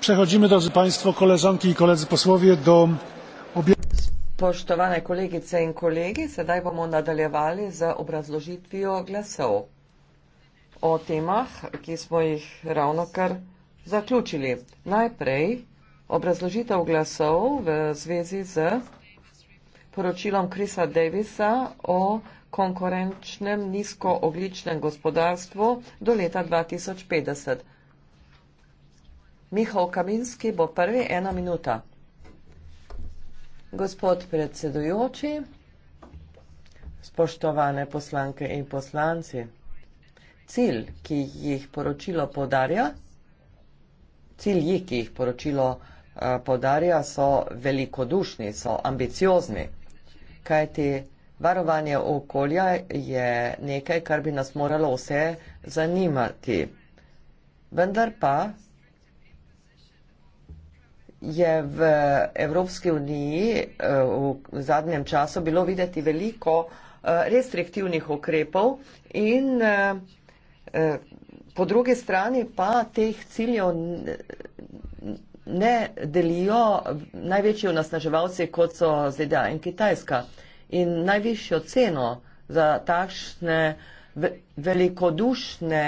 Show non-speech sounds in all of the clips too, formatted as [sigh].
Przechodzimy, drodzy Państwo, koleżanki i koledzy posłowie, do obiektu. Poštovane kolegice in kolegi, sedaj bomo nadaljevali z obrazložitvijo glasov o temah, ki smo jih ravno kar zaključili. Najprej obrazložitev glasov v zvezi z poročilom Krisa Davisa o konkurenčnem nizkoogličnem gospodarstvu do leta 2050. Mihal Kaminski bo prvi, ena minuta. Gospod predsedujoči, spoštovane poslanke in poslanci, cilj, ki jih poročilo podarja, cilji, ki jih poročilo eh, podarja, so velikodušni, so ambiciozni. Kajti varovanje okolja je nekaj, kar bi nas moralo vse zanimati. Vendar pa je v Evropski uniji eh, v zadnjem času bilo videti veliko eh, restriktivnih ukrepov in po druge strani pa teh ciljev ne delijo največji onasnaževalci, kot so ZDA in Kitajska. In najvišjo ceno za takšne velikodušne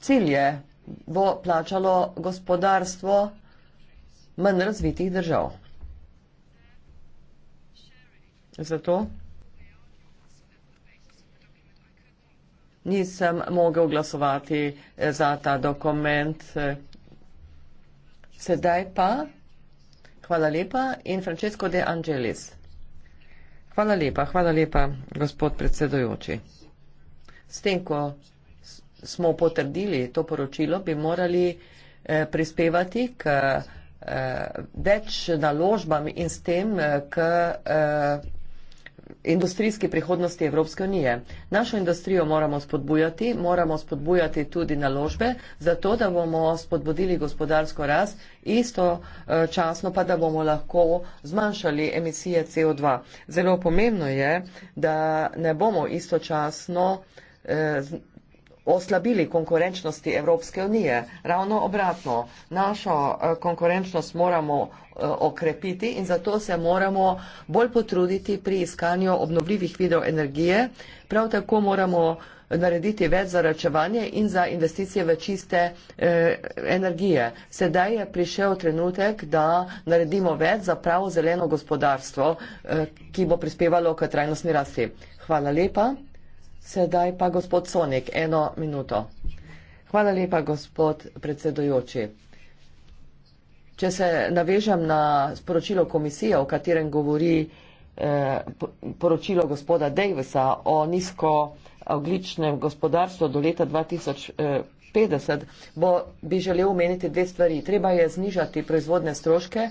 cilje bo plačalo gospodarstvo manj razvitih držav. Zato nisem mogel glasovati eh, za ta dokument. Eh, sedaj pa, hvala lepa in Francesco de Angelis. Hvala lepa, hvala lepa, gospod predsedojoči. S tem, ko smo potrdili to poročilo, bi morali eh, prispevati k eh, več naložbam in s tem eh, k. Eh, industrijski prihodnosti Evropske unije. Našo industrijo moramo spodbujati, moramo spodbujati tudi naložbe, zato da bomo spodbudili gospodarsko rast, istočasno eh, pa da bomo lahko zmanjšali emisije CO2. Zelo pomembno je, da ne bomo istočasno eh, oslabili konkurenčnosti Evropske unije. Ravno obratno, našo eh, konkurenčnost moramo Eh, okrepiti in zato se moramo bolj potruditi pri iskanju obnovljivih virov energije. Prav tako moramo narediti več za račevanje in za investicije v čiste eh, energije. Sedaj je prišel trenutek, da naredimo več za pravo zeleno gospodarstvo, eh, ki bo prispevalo k trajnostni rasti. Hvala lepa. Sedaj pa gospod Sonik, eno minuto. Hvala lepa, gospod predsedujoči. Če se navežem na sporočilo komisije, o katerem govori eh, poročilo gospoda Davisa o nizko ogličnem gospodarstvu do leta 2050, bo, bi želel omeniti dve stvari. Treba je znižati proizvodne stroške,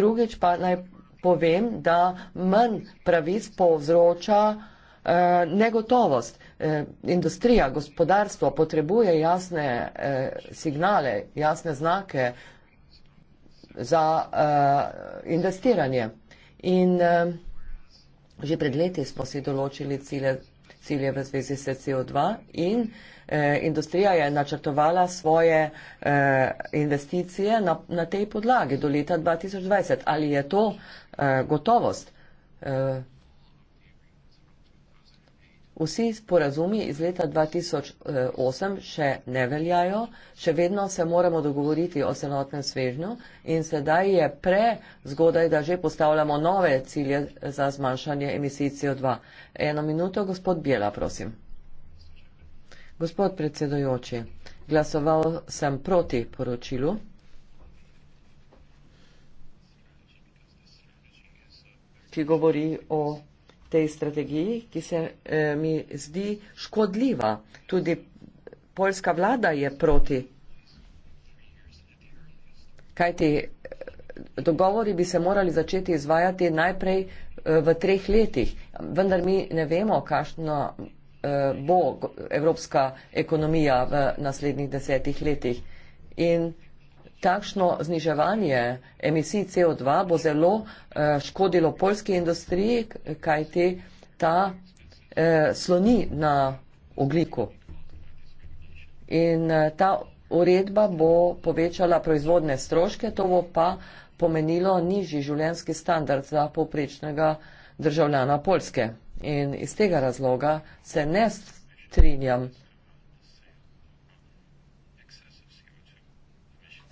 drugič pa naj povem, da manj pravic povzroča eh, negotovost. Eh, industrija, gospodarstvo potrebuje jasne eh, signale, jasne znake, za uh, investiranje. In uh, že pred leti smo si določili cilje, cilje v zvezi s CO2 in uh, industrija je načrtovala svoje uh, investicije na, na tej podlagi do leta 2020. Ali je to uh, gotovost? Uh, Vsi sporazumi iz leta 2008 še ne veljajo, še vedno se moramo dogovoriti o celotnem svežnju in sedaj je prezgodaj, da že postavljamo nove cilje za zmanjšanje emisij CO2. Eno minuto, gospod Bjela, prosim. Gospod predsedojoči, glasoval sem proti poročilu. ki govori o tej strategiji, ki se eh, mi zdi škodljiva. Tudi poljska vlada je proti. Kaj ti eh, dogovori bi se morali začeti izvajati najprej eh, v treh letih, vendar mi ne vemo, kakšno eh, bo evropska ekonomija v naslednjih desetih letih. In takšno zniževanje emisij CO2 bo zelo eh, škodilo polski industriji, kaj ti ta eh, sloni na ogliku. In eh, ta uredba bo povečala proizvodne stroške, to bo pa pomenilo nižji življenski standard za povprečnega državljana Polske. In iz tega razloga se ne strinjam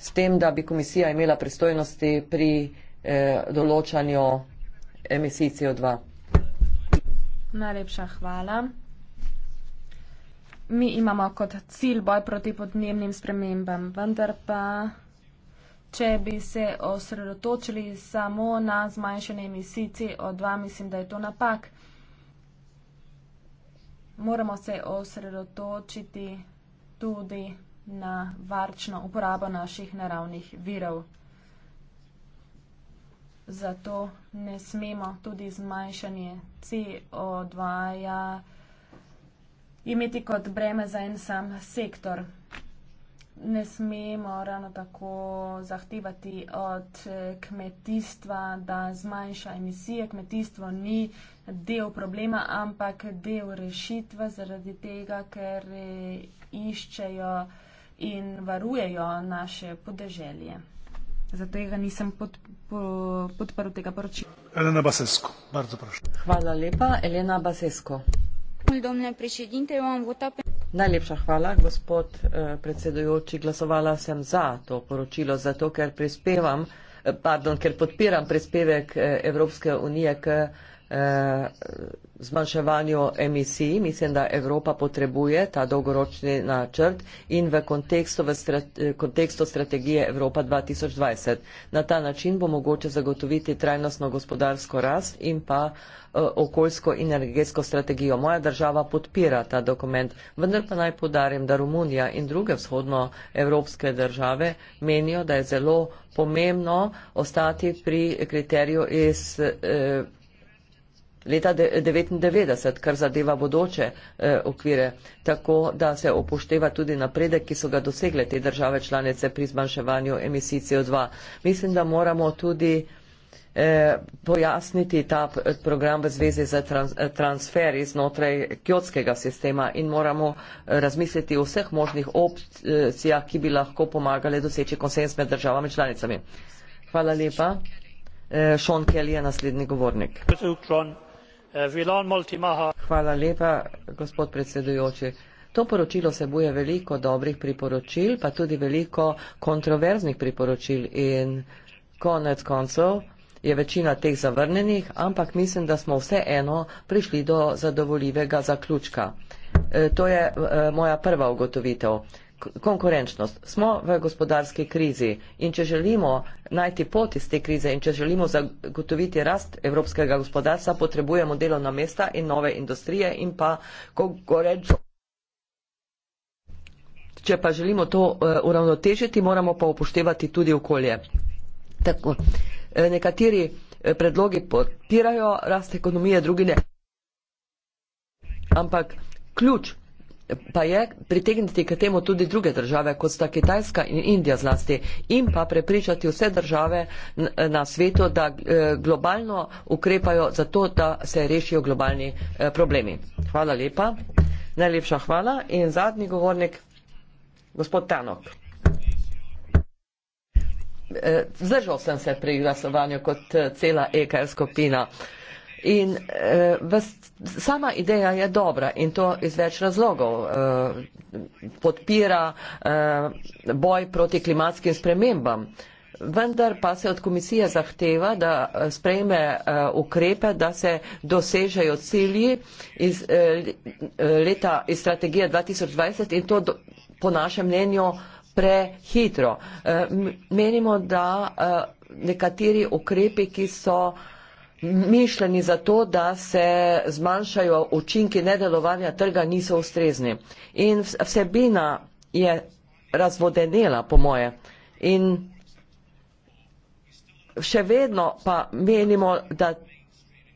s tem, da bi komisija imela pristojnosti pri eh, določanju emisij CO2. Najlepša hvala. Mi imamo kot cilj boj proti podnebnim spremembam, vendar pa, če bi se osredotočili samo na zmanjšanje emisij CO2, mislim, da je to napak. Moramo se osredotočiti tudi na varčno uporabo naših naravnih virov. Zato ne smemo tudi zmanjšanje CO2 -ja imeti kot breme za en sam sektor. Ne smemo ravno tako zahtevati od eh, kmetijstva, da zmanjša emisije. Kmetijstvo ni del problema, ampak del rešitve zaradi tega, ker eh, iščejo in varujejo naše podeželje. Zato tega nisem pod, po, podprl tega poročila. Elena Basesko, bardzo proszę. Hvala lepa, Elena Basesko. Najlepša hvala, gospod eh, predsedujoči. Glasovala sem za to poročilo, zato ker, eh, pardon, ker podpiram prispevek eh, Evropske unije k eh, Eh, zmanjševanju emisij. Mislim, da Evropa potrebuje ta dolgoročni načrt in v kontekstu, v strate, eh, kontekstu strategije Evropa 2020. Na ta način bo mogoče zagotoviti trajnostno gospodarsko rast in pa eh, okoljsko in energetsko strategijo. Moja država podpira ta dokument, vendar pa naj podarim, da Romunija in druge vzhodnoevropske države menijo, da je zelo pomembno ostati pri kriteriju iz. Eh, leta 1999, kar zadeva bodoče eh, okvire, tako da se upošteva tudi napredek, ki so ga dosegle te države članice pri zmanjševanju emisij CO2. Mislim, da moramo tudi eh, pojasniti ta program v zvezi z trans eh, transfer iznotraj kjotskega sistema in moramo eh, razmisliti o vseh možnih opcijah, ki bi lahko pomagale doseči konsens med državami članicami. Hvala lepa. Eh, Sean Kelly je naslednji govornik. Eh, Hvala lepa, gospod predsedujoči. To poročilo sebuje veliko dobrih priporočil, pa tudi veliko kontroverznih priporočil in konec koncev je večina teh zavrnenih, ampak mislim, da smo vse eno prišli do zadovoljivega zaključka. E, to je e, moja prva ugotovitev konkurenčnost. Smo v gospodarski krizi in če želimo najti pot iz te krize in če želimo zagotoviti rast evropskega gospodarstva, potrebujemo delovna mesta in nove industrije in pa konkurenčnost. Če pa želimo to eh, uravnotežiti, moramo pa upoštevati tudi okolje. Tako, eh, nekateri eh, predlogi podpirajo rast ekonomije, drugi ne. Ampak ključ pa je pritegniti k temu tudi druge države, kot sta Kitajska in Indija zlasti, in pa prepričati vse države na svetu, da eh, globalno ukrepajo za to, da se rešijo globalni eh, problemi. Hvala lepa. Najlepša hvala. In zadnji govornik, gospod Tanok. Eh, Zdržal sem se pri glasovanju kot cela EKR skupina. In eh, vas, sama ideja je dobra in to iz več razlogov. Eh, podpira eh, boj proti klimatskim spremembam. Vendar pa se od komisije zahteva, da eh, sprejme uh, ukrepe, da se dosežejo cilji iz, uh, leta, iz strategije 2020 in to do, po našem mnenju prehitro. Uh, menimo, da uh, nekateri ukrepi, ki so uh, mišljeni za to, da se zmanjšajo učinki nedelovanja trga, niso ustrezni. In vsebina je razvodenela, po moje. In še vedno pa menimo, da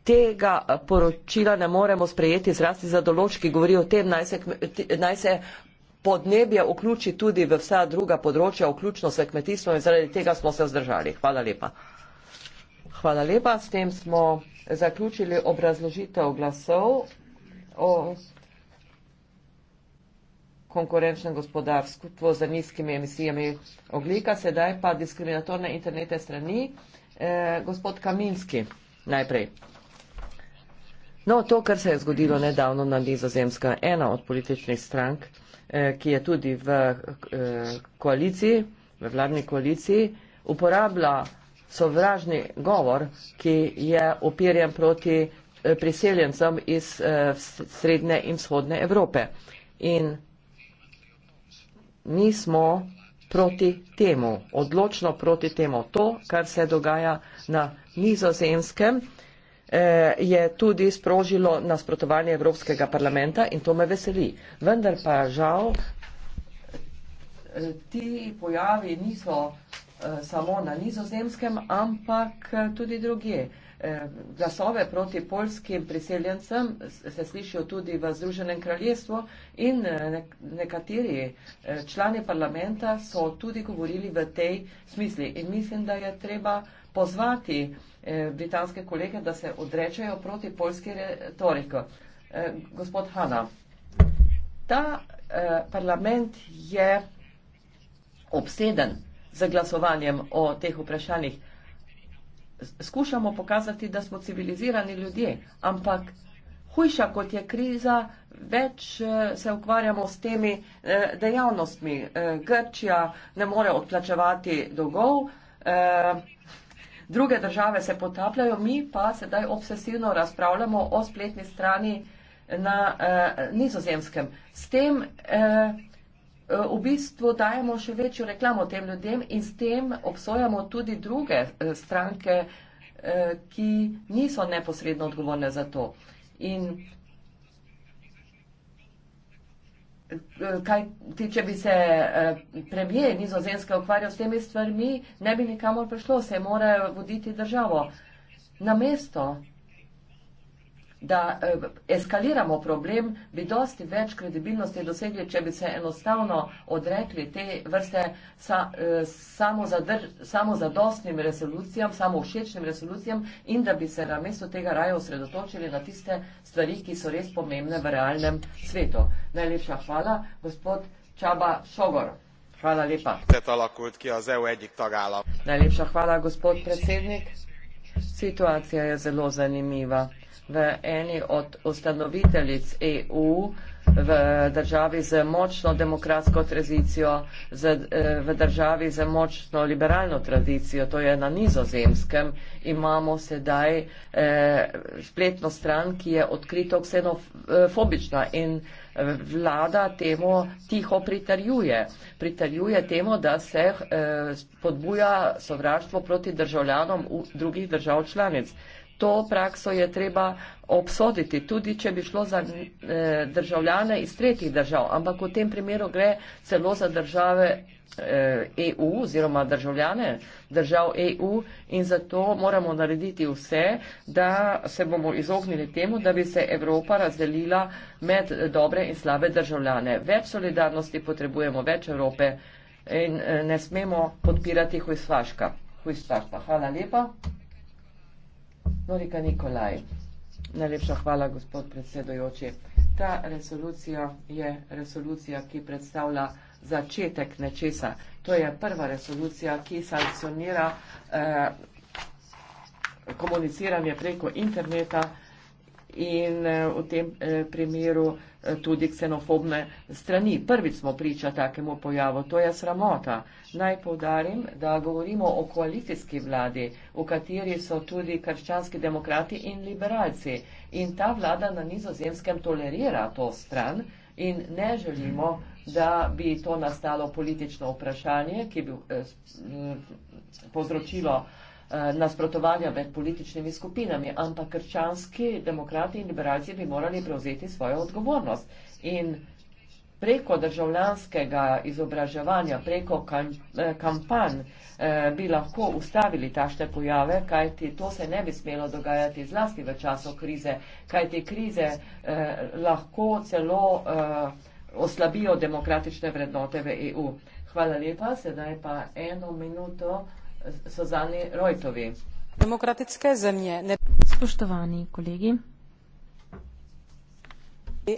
tega poročila ne moremo sprejeti zrasti za določ, ki govori o tem, naj se, naj se podnebje vključi tudi v vsa druga področja, vključno se kmetijstvo in zaradi tega smo se vzdržali. Hvala lepa hvala lepa. S tem smo zaključili obrazložitev glasov o konkurenčnem gospodarstvu z nizkimi emisijami oglika, sedaj pa diskriminatorne internete strani. E, gospod Kaminski, najprej. No, to, kar se je zgodilo nedavno na Nizozemskem, ena od političnih strank, eh, ki je tudi v eh, koaliciji, v vladni koaliciji, uporablja sovražni govor, ki je opirjen proti eh, priseljencem iz eh, srednje in vzhodne Evrope. In mi smo proti temu, odločno proti temu. To, kar se dogaja na nizozemskem, eh, je tudi sprožilo nasprotovanje Evropskega parlamenta in to me veseli. Vendar pa žal ti pojavi niso Eh, samo na nizozemskem, ampak eh, tudi druge. Eh, glasove proti polskim priseljencem se slišijo tudi v Združenem kraljestvu in nekateri člani parlamenta so tudi govorili v tej smisli. In mislim, da je treba pozvati britanske kolege, da se odrečajo proti polski retoriko. Gospod Hanna, ta parlament je obseden z glasovanjem o teh vprašanjih. Skušamo pokazati, da smo civilizirani ljudje, ampak hujša kot je kriza, več eh, se ukvarjamo s temi eh, dejavnostmi. Eh, Grčija ne more odplačevati dolgov, druge države se potapljajo, mi pa sedaj obsesivno razpravljamo o spletni strani na nizozemskem. S tem eh, Eh, v bistvu dajemo še večjo reklamo tem ljudem in s tem obsojamo tudi druge eh, stranke, eh, ki niso neposredno odgovorne za to. In kaj tiče bi se premije nizozemske ukvarjal s temi stvarmi, ne bi nikamor prišlo, se mora voditi državo. Na mesto da eh, eskaliramo problem, bi dosti več kredibilnosti dosegli, če bi se enostavno odrekli te vrste eh, samozadostnim resolucijam, samo všečnim resolucijam in da bi se na mesto tega raja osredotočili na tiste stvari, ki so res pomembne v realnem svetu. Najlepša hvala, gospod Čaba Šogor. Hvala lepa. Svet alakult ki az EU egyik tagállam. Najlepša hvala, gospod predsednik. Situacija je zelo zanimiva v eni od ustanoviteljic EU, v državi z močno demokratsko tradicijo, z, eh, v državi z močno liberalno tradicijo, to je na nizozemskem, imamo sedaj eh, spletno stran, ki je odkrito ksenofobična in eh, vlada temu tiho pritarjuje. Pritarjuje temu, da se eh, podbuja sovraštvo proti državljanom drugih držav članic to prakso je treba obsoditi, tudi če bi šlo za eh, državljane iz tretjih držav, ampak v tem primeru gre celo za države eh, EU oziroma državljane držav EU in zato moramo narediti vse, da se bomo izognili temu, da bi se Evropa razdelila med dobre in slabe državljane. Več solidarnosti potrebujemo, več Evrope in eh, ne smemo podpirati hujstvaška. Hvala lepa. Norika Nikolaj, najlepša hvala, gospod predsedojoči. Ta resolucija je resolucija, ki predstavlja začetek nečesa. To je prva resolucija, ki sankcionira eh, komuniciranje preko interneta in eh, v tem eh, primeru eh, tudi ksenofobne strani. Prvič smo priča takemu pojavu, to je sramota. Naj povdarim, da govorimo o koalicijski vladi, v kateri so tudi krščanski demokrati in liberalci. In ta vlada na nizozemskem tolerira to stran in ne želimo, da bi to nastalo politično vprašanje, ki bi eh, eh povzročilo eh, Eh, nasprotovanja med političnimi skupinami, ampak krščanski demokrati in liberalci bi morali prevzeti svojo odgovornost. In preko državljanskega izobraževanja, preko eh, kampanj eh, bi lahko ustavili tašne pojave, kajti to se ne bi smelo dogajati zlasti v času krize, kajti krize lahko celo oslabijo demokratične vrednote v EU. Hvala lepa, sedaj pa eno minuto. Suzani Reutovi. Demokratické země. Ne... Spoštovani kolegi.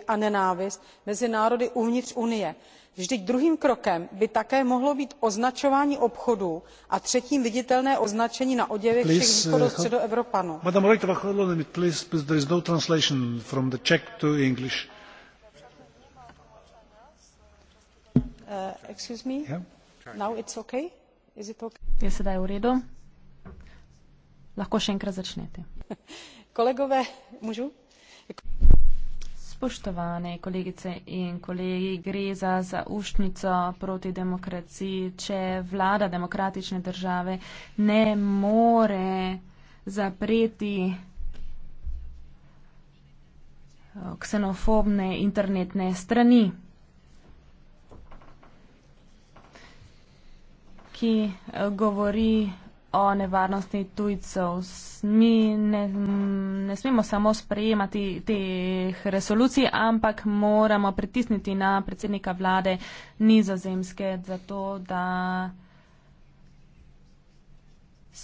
A nenávist mezi národy uvnitř Unie. Vždyť druhým krokem by také mohlo být označování obchodů a třetím viditelné označení na oděvě všech eh, východostředoevropanů. No uh, Now it's okay. Je sedaj v redu? Lahko še enkrat začnete. [laughs] Kolegove, Spoštovane kolegice in kolegi, gre za zaušnico proti demokraciji, če vlada demokratične države ne more zapreti eh, ksenofobne internetne strani. ki eh, govori o nevarnosti tujcev. Mi ne, ne smemo samo sprejemati teh resolucij, ampak moramo pritisniti na predsednika vlade nizozemske, zato da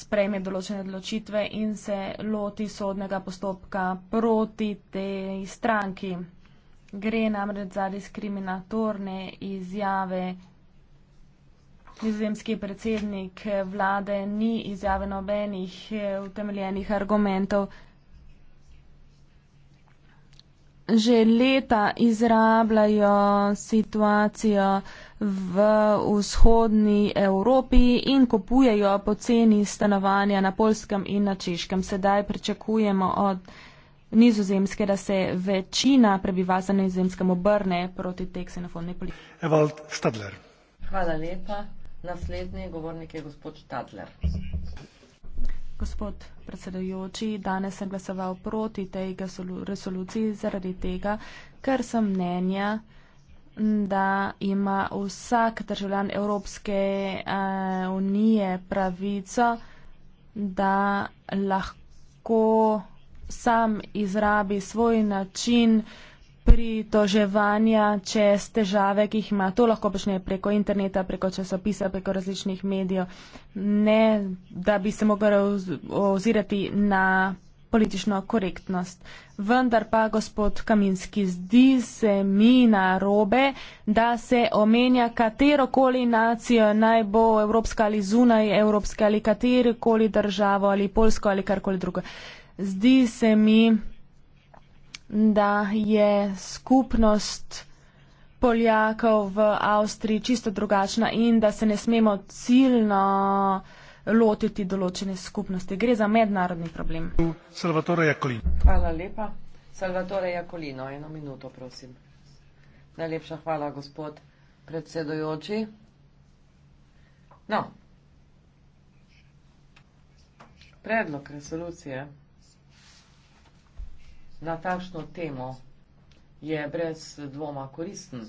sprejme določene odločitve in se loti sodnega postopka proti tej stranki. Gre namreč za diskriminatorne izjave Nizozemski predsednik vlade ni izjave nobenih eh, utemeljenih argumentov. Že leta izrabljajo situacijo v vzhodni Evropi in kupujejo poceni stanovanja na polskem in na češkem. Sedaj pričakujemo od nizozemske, da se večina prebivalstva na nizozemskem obrne proti tej ksenofonni politiki. Hvala lepa. Naslednji govornik je gospod Štadler. Gospod predsedujoči, danes sem glasoval proti tej resoluciji zaradi tega, ker sem mnenja, da ima vsak državljan Evropske eh, unije pravico, da lahko sam izrabi svoj način uh, pritoževanja čez težave, ki jih ima. To lahko počne preko interneta, preko časopisa, preko različnih medijev. Ne, da bi se mogel ozirati na politično korektnost. Vendar pa, gospod Kaminski, zdi se mi na robe, da se omenja katero koli nacijo, naj bo evropska ali zunaj evropske ali katero koli državo ali polsko ali karkoli drugo. Zdi se mi, da je skupnost Poljakov v Avstriji čisto drugačna in da se ne smemo ciljno lotiti določene skupnosti. Gre za mednarodni problem. Salvatore Jakolin. Hvala lepa. Salvatore Jakolino, eno minuto, prosim. Najlepša hvala, gospod predsedujoči. No. Predlog resolucije na takšno temo je brez dvoma koristen.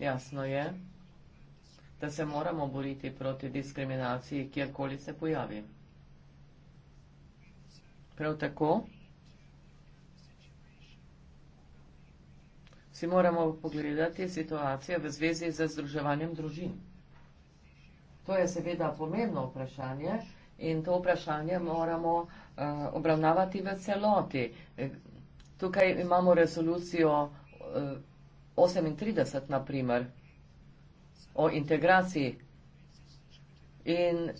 Jasno je, da se moramo boriti proti diskriminaciji, kjerkoli se pojavi. Prav tako si moramo pogledati situacijo v zvezi z združevanjem družin. To je seveda pomembno vprašanje, in to vprašanje moramo eh, obravnavati v celoti. Eh, tukaj imamo rezolucijo 38, eh, naprimer, o integraciji in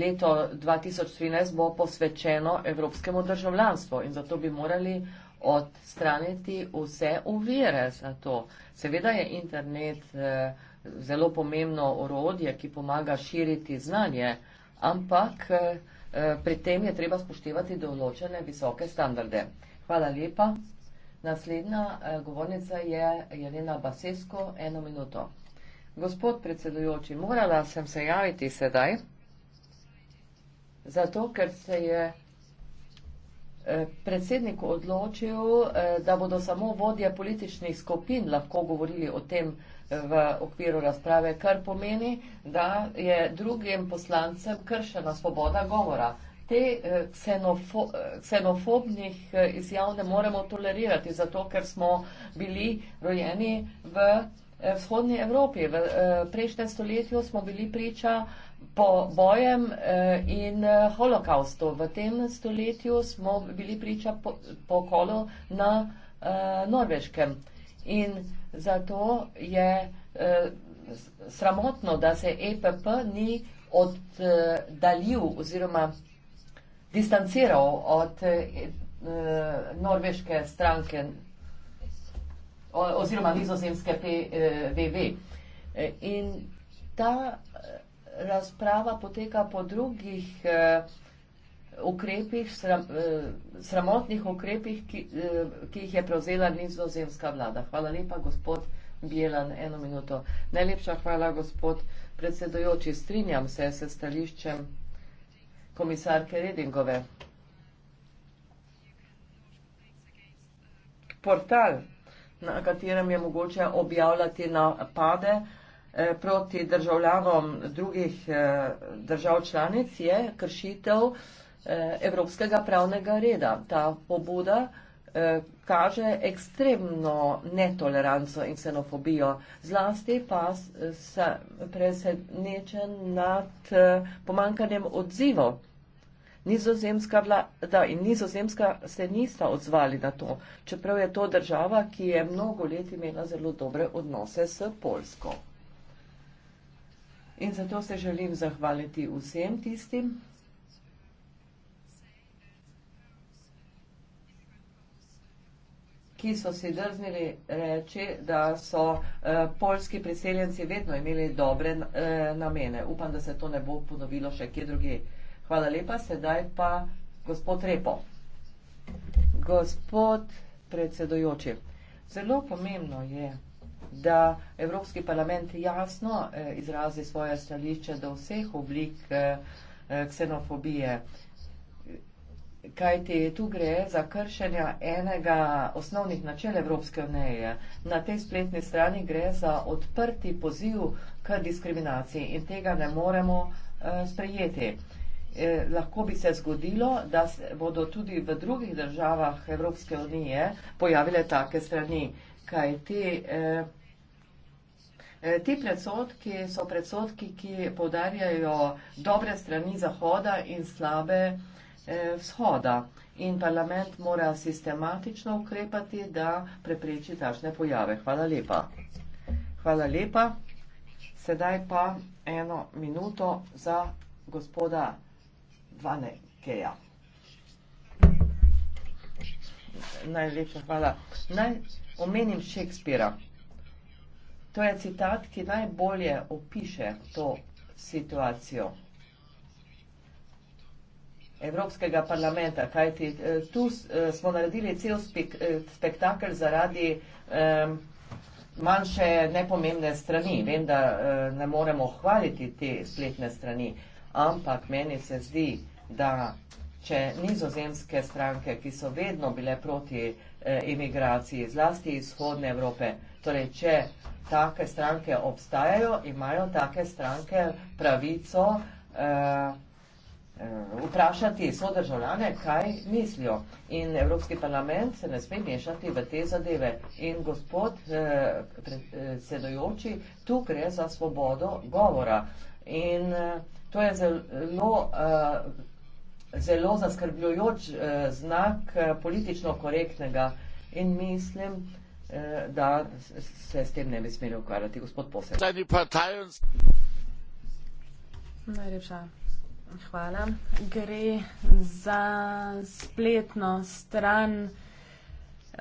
leto 2013 bo posvečeno evropskemu državljanstvu in zato bi morali odstraniti vse uvire za to. Seveda je internet zelo pomembno orodje, ki pomaga širiti znanje, ampak eh, eh, pri tem je treba spoštevati določene visoke standarde. Hvala lepa. Naslednja eh, govornica je Jelena Basesko, eno minuto. Gospod predsedujoči, morala sem se javiti sedaj, zato ker se je predsednik odločil, da bodo samo vodje političnih skupin lahko govorili o tem, v okviru razprave, kar pomeni, da je drugim poslancem kršena svoboda govora. Te eh, ksenofo, eh, ksenofobnih eh, izjav ne moremo tolerirati, zato ker smo bili rojeni v vzhodni Evropi. V prejšnjem stoletju smo bili priča po bojem in holokaustu. V tem stoletju smo bili priča po, po kolu na Norveškem. In Zato je eh, sramotno, da se EPP ni oddaljil oziroma distanciral od eh, norveške stranke oziroma nizozemske PVV. E eh, in ta eh, razprava poteka po drugih. Eh, ukrepih, sram, eh, sramotnih ukrepih, ki, eh, ki jih je prevzela nizozemska vlada. Hvala lepa, gospod Bielan, eno minuto. Najlepša hvala, gospod predsedojoči. Strinjam se s stališčem komisarke Redingove. Portal, na katerem je mogoče objavljati napade eh, proti državljanom drugih eh, držav članic, je kršitev eh, Eh, evropskega pravnega reda. Ta pobuda eh, kaže ekstremno netoleranco in ksenofobijo, zlasti pa se presenečen nad eh, pomankanjem odzivov. Nizozemska vlada in nizozemska se nista odzvali na to, čeprav je to država, ki je mnogo let imela zelo dobre odnose s Polsko. In zato se želim zahvaliti vsem tistim, ki so si drznili reči, da so uh, eh, polski priseljenci vedno imeli dobre uh, namene. Upam, da se to ne bo ponovilo še kje druge. Hvala lepa, sedaj pa gospod Repo. Gospod predsedojoči, zelo pomembno je, da Evropski parlament jasno uh, izrazi svoje stališče do vseh oblik uh, ksenofobije. Uh, kajti tu gre za kršenja enega osnovnih načel Evropske unije. Na tej spletni strani gre za odprti poziv k diskriminaciji in tega ne moremo eh, sprejeti. Eh, lahko bi se zgodilo, da bodo tudi v drugih državah Evropske unije pojavile take strani, kajti eh, Ti predsodki so predsodki, ki podarjajo dobre strani Zahoda in slabe eh, Eh, vzhoda in parlament mora sistematično ukrepati, da prepreči tašne pojave. Hvala lepa. Hvala lepa. Sedaj pa eno minuto za gospoda Vanekeja. Najlepša hvala. Naj omenim Šekspira. To je citat, ki najbolje opiše to situacijo. Evropskega parlamenta, kajti eh, tu eh, smo naredili cel spek, eh, spektakl zaradi um, manjše nepomembne strani. Vem, da uh, ne moremo hvaliti te spletne strani, ampak meni se zdi, da če nizozemske stranke, ki so vedno bile proti uh, imigraciji, zlasti izhodne Evrope, torej če take stranke obstajajo, imajo take stranke pravico. Uh, Eh, vprašati so državljane, kaj mislijo. In Evropski parlament se ne sme mešati v te zadeve. In gospod eh, predsedujoči, tu gre za svobodo govora. In eh, to je zelo, zelo zaskrbljujoč znak politično korektnega. In mislim, da se s tem ne bi smeli ukvarjati, gospod posebej. Najlepša. Hvala. Gre za spletno stran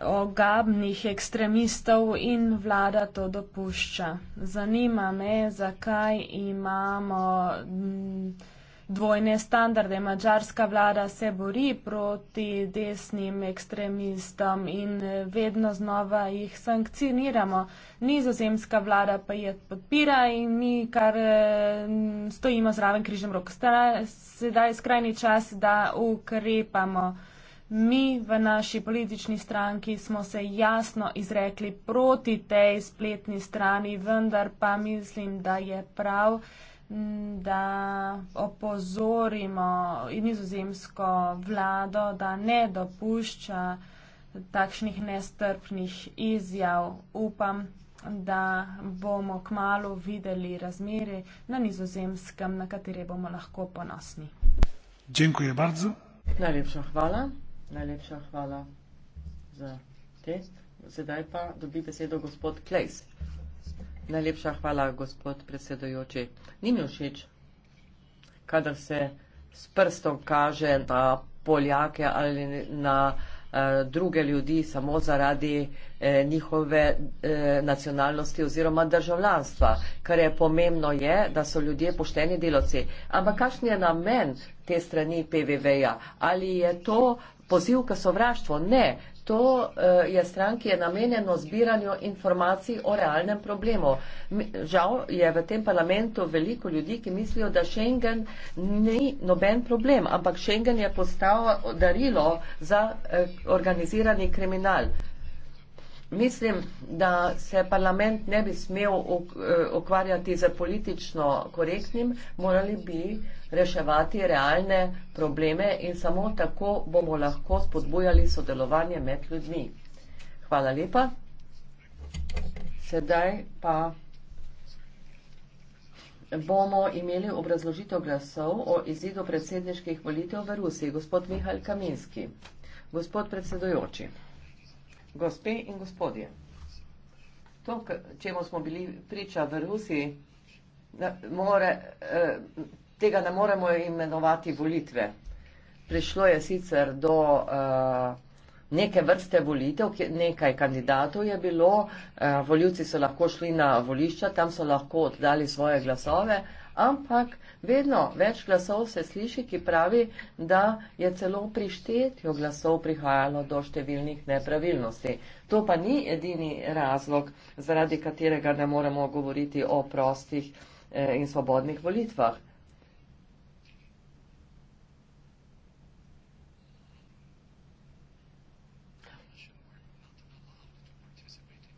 ogabnih ekstremistov in vlada to dopušča. Zanima me, zakaj imamo. M, dvojne standarde. Mačarska vlada se bori proti desnim ekstremistom in vedno znova jih sankcioniramo. Nizozemska vlada pa jih podpira in mi kar mm, stojimo zraven križem rok. Sedaj je skrajni čas, da ukrepamo. Mi v naši politični stranki smo se jasno izrekli proti tej spletni strani, vendar pa mislim, da je prav, da opozorimo nizozemsko vlado, da ne dopušča takšnih nestrpnih izjav. Upam, da bomo kmalo videli razmere na nizozemskem, na katere bomo lahko ponosni. Dziękuję bardzo. Najlepša hvala. Najlepša hvala za te. Sedaj pa dobi besedo gospod Klejs. Najlepša hvala, gospod predsedojoči. Ni mi všeč, kadar se s prstom kaže na Poljake ali na eh, druge ljudi samo zaradi eh, njihove eh, nacionalnosti oziroma državljanstva. Kar je pomembno je, da so ljudje pošteni deloci. Ampak kakšen je namen te strani PVV-ja? Ali je to poziv k sovraštvu? Ne to eh, je stran, ki je namenjeno zbiranju informacij o realnem problemu. Žal je v tem parlamentu veliko ljudi, ki mislijo, da Schengen ni noben problem, ampak Schengen je postal darilo za eh, organizirani kriminal. Mislim, da se parlament ne bi smel eh, ukvarjati z politično korektnim, morali bi reševati realne probleme in samo tako bomo lahko spodbujali sodelovanje med ljudmi. Hvala lepa. Sedaj pa bomo imeli obrazložitev glasov o izidu predsedniških volitev v Rusiji. Gospod Mihajl Kaminski, gospod predsedujoči, gospe in gospodje, to, čemu smo bili priča v Rusiji, more. Eh, tega ne moremo imenovati volitve. Prišlo je sicer do uh, neke vrste volitev, nekaj kandidatov je bilo, uh, eh, voljivci so lahko šli na volišča, tam so lahko oddali svoje glasove, ampak vedno več glasov se sliši, ki pravi, da je celo pri štetju glasov prihajalo do številnih nepravilnosti. To pa ni edini razlog, zaradi katerega ne moremo govoriti o prostih eh, in svobodnih volitvah.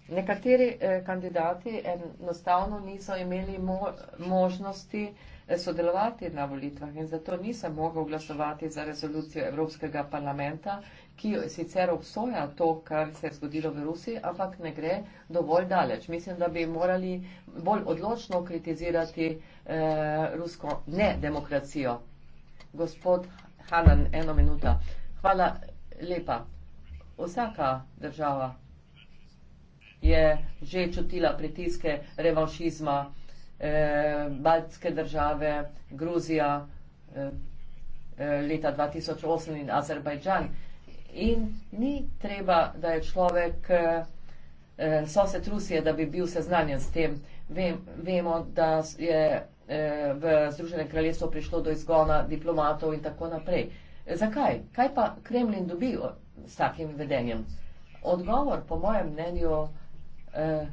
Nekateri eh, kandidati enostavno niso imeli mo možnosti eh, sodelovati na volitvah in zato nisem mogel glasovati za rezolucijo Evropskega parlamenta, ki sicer obsoja to, kar se je zgodilo v Rusiji, ampak ne gre dovolj daleč. Mislim, da bi morali bolj odločno kritizirati eh, rusko nedemokracijo. Gospod Hanan, eno minuta. Hvala lepa. Vsaka država je že čutila pritiske revanšizma, eh, baltske države, Gruzija eh, eh leta 2008 in Azerbajdžan. In ni treba, da je človek eh, eh, sosed Rusije, da bi bil seznanjen s tem. Vem, vemo, da je eh, v Združene kraljestvo prišlo do izgona diplomatov in tako naprej. Zakaj? Kaj pa Kremlin dobi s takim vedenjem? Odgovor, po mojem mnenju, Eh,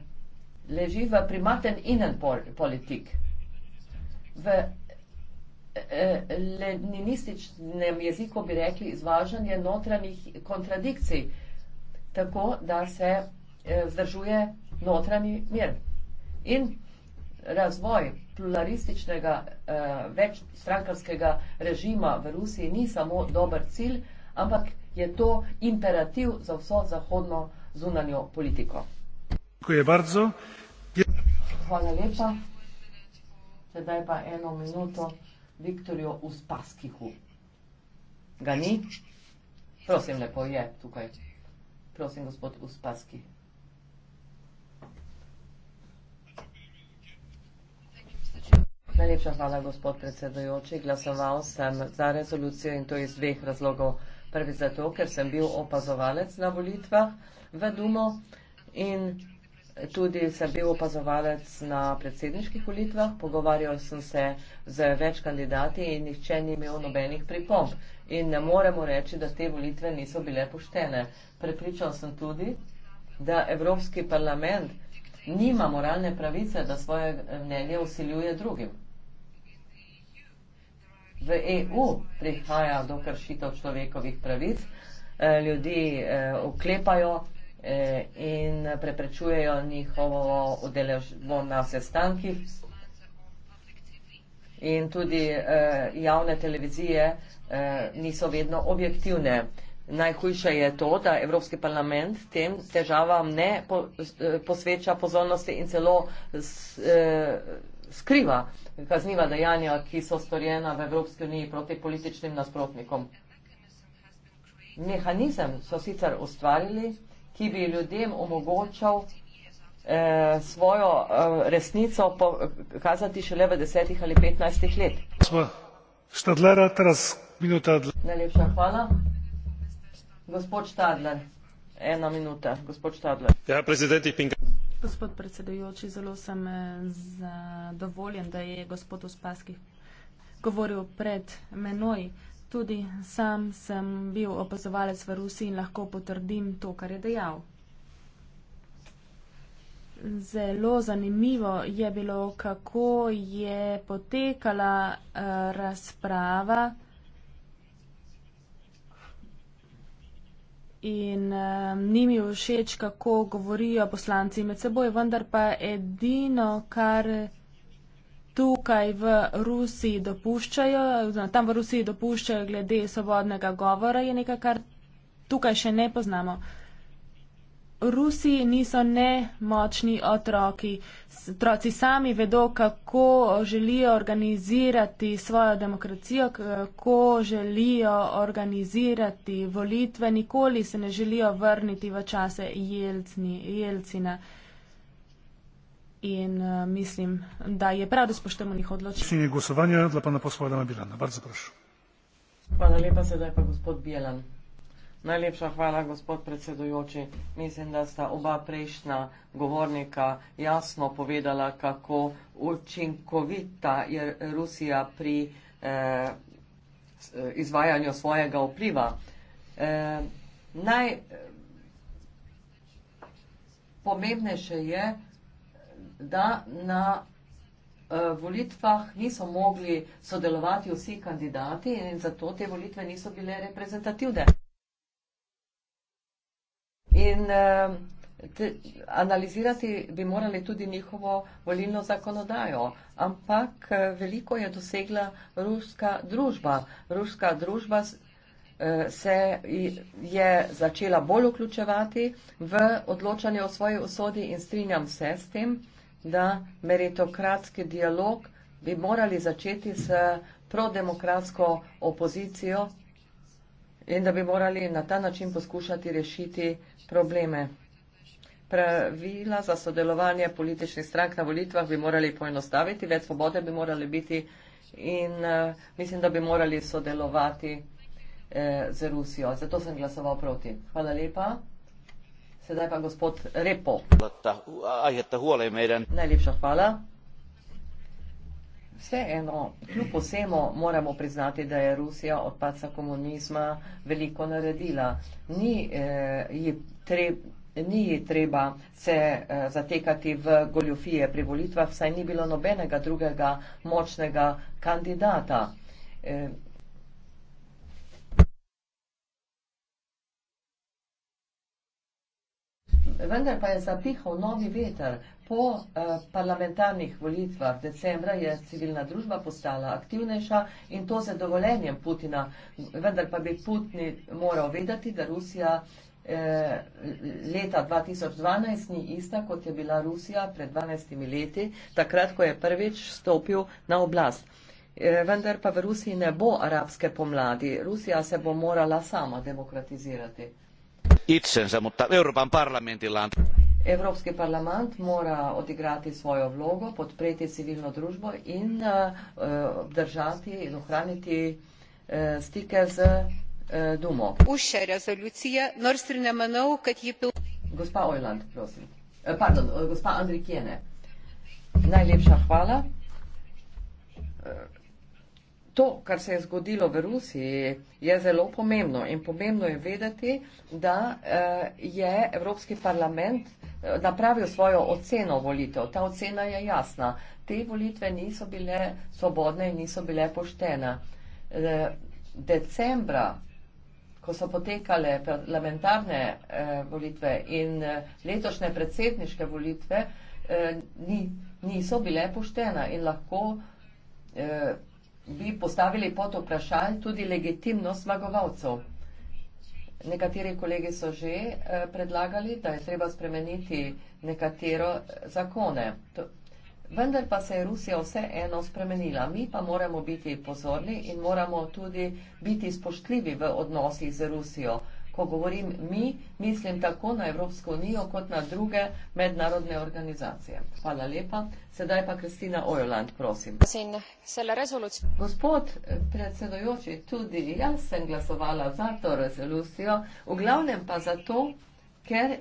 leži v primaten inen pol, politik. V eh, leninističnem jeziku bi rekli izvažanje notranjih kontradikcij, tako da se eh, vzdržuje notranji mir. In razvoj pluralističnega eh, večstrankarskega režima v Rusiji ni samo dober cilj, ampak je to imperativ za vso zahodno zunanjo politiko. Hvala lepa. Sedaj pa eno minuto Viktorju Uspaskihu. Ga ni? Prosim lepo, je tukaj. Prosim, gospod Uspaski. Najlepša hvala, gospod predsedujoči. Glasoval sem za rezolucijo in to iz dveh razlogov. Prvi zato, ker sem bil opazovalec na volitvah v Dumo in Tudi sem bil opazovalec na predsedniških volitvah, pogovarjal sem se z več kandidati in nihče ni imel nobenih pripomb. In ne moremo reči, da te volitve niso bile poštene. Prepričal sem tudi, da Evropski parlament nima moralne pravice, da svoje mnenje usiljuje drugim. V EU prihaja do kršitev človekovih pravic, eh, ljudi eh, oklepajo, Eh, in preprečujejo njihovo udeležbo na sestankih. In tudi eh, javne televizije eh, niso vedno objektivne. Najhujše je to, da Evropski parlament tem težavam ne po, eh, posveča pozornosti in celo s, eh, skriva kazniva dejanja, ki so storjena v Evropski uniji proti političnim nasprotnikom. Mehanizem so sicer ustvarili, eh, ki bi ljudem omogočal eh, svojo eh, resnico pokazati šele v desetih ali petnajstih let. Štadler, teraz, Najlepša hvala. Gospod Štadler, ena minuta. Gospod Štadler. Ja, gospod predsedujoči, zelo sem eh, zadovoljen, da je gospod Uspaskih govoril pred menoj. Tudi sam sem bil opazovalec v Rusiji in lahko potrdim to, kar je dejal. Zelo zanimivo je bilo, kako je potekala eh, razprava in eh, ni mi všeč, kako govorijo poslanci med seboj, vendar pa edino, kar tukaj v Rusiji dopuščajo, oziroma tam v Rusiji dopuščajo glede svobodnega govora, je nekaj, kar tukaj še ne poznamo. Rusi niso nemočni otroki. Otroci sami vedo, kako želijo organizirati svojo demokracijo, kako želijo organizirati volitve. Nikoli se ne želijo vrniti v čase Jelcina in uh, mislim, da je prav, da spoštujemo njihov odločitev. Sinje glasovanja, da pa na poslu Adama Bilana. Bardzo prošu. Hvala lepa, sedaj pa gospod Bielan. Najlepša hvala, gospod predsedujoči. Mislim, da sta oba prejšnja govornika jasno povedala, kako učinkovita je Rusija pri eh, izvajanju svojega vpliva. Eh, Najpomembnejše eh, je, da na eh, volitvah niso mogli sodelovati vsi kandidati in zato te volitve niso bile reprezentativne. In eh, te, analizirati bi morali tudi njihovo volilno zakonodajo, ampak eh, veliko je dosegla ruska družba. Ruska družba se je začela bolj vključevati v odločanje o svoji usodi in strinjam se s tem, da meritokratski dialog bi morali začeti s prodemokratsko opozicijo in da bi morali na ta način poskušati rešiti probleme. Pravila za sodelovanje političnih strank na volitvah bi morali poenostaviti, več svobode bi morali biti in uh, mislim, da bi morali sodelovati eh, z Rusijo. Zato sem glasoval proti. Hvala lepa. Sedaj pa gospod Repo. Najlepša hvala. Vseeno, kljub vsemu moramo priznati, da je Rusija od paca komunizma veliko naredila. Ni, eh, ji, treb, ni ji treba se eh, zatekati v goljofije pri volitvah, saj ni bilo nobenega drugega močnega kandidata. Eh, vendar pa je zapihal novi veter. Po eh, parlamentarnih volitvah decembra je civilna družba postala aktivnejša in to z dovoljenjem Putina. Vendar pa bi Putin moral vedeti, da Rusija eh, leta 2012 ni ista, kot je bila Rusija pred 12 leti, takrat, ko je prvič stopil na oblast. Eh, vendar pa v Rusiji ne bo arabske pomladi. Rusija se bo morala sama demokratizirati itsensä mutta Euroopan parlamentilla on Evropski parlament mora odigrati svojo vlogo, podpreti civilno družbo in uh, obdržati in ohraniti uh, stike z uh, Dumo. Už šią rezoluciją, nors ir nemanau, kad ji pilna. Gospa Ojland, prosim. Pardon, gospa Andrikiene. Najlepša hvala to, kar se je zgodilo v Rusiji, je zelo pomembno in pomembno je vedeti, da eh, je Evropski parlament eh, napravil svojo oceno volitev. Ta ocena je jasna. Te volitve niso bile svobodne in niso bile poštene. Eh, decembra, ko so potekale parlamentarne volitve in letošnje predsedniške volitve, niso bile poštene in lahko bi postavili pod vprašanj tudi legitimnost zmagovalcev. Nekateri kolegi so že eh, predlagali, da je treba spremeniti nekatero eh, zakone. To, vendar pa se je Rusija vseeno spremenila. Mi pa moramo biti pozorni in moramo tudi biti spoštljivi v odnosih z Rusijo ko govorim mi, mislim tako na Evropsko unijo kot na druge mednarodne organizacije. Hvala lepa. Sedaj pa Kristina Ojoland, prosim. Gospod eh, predsedojoči, tudi jaz sem glasovala za to rezolucijo, v glavnem pa zato, ker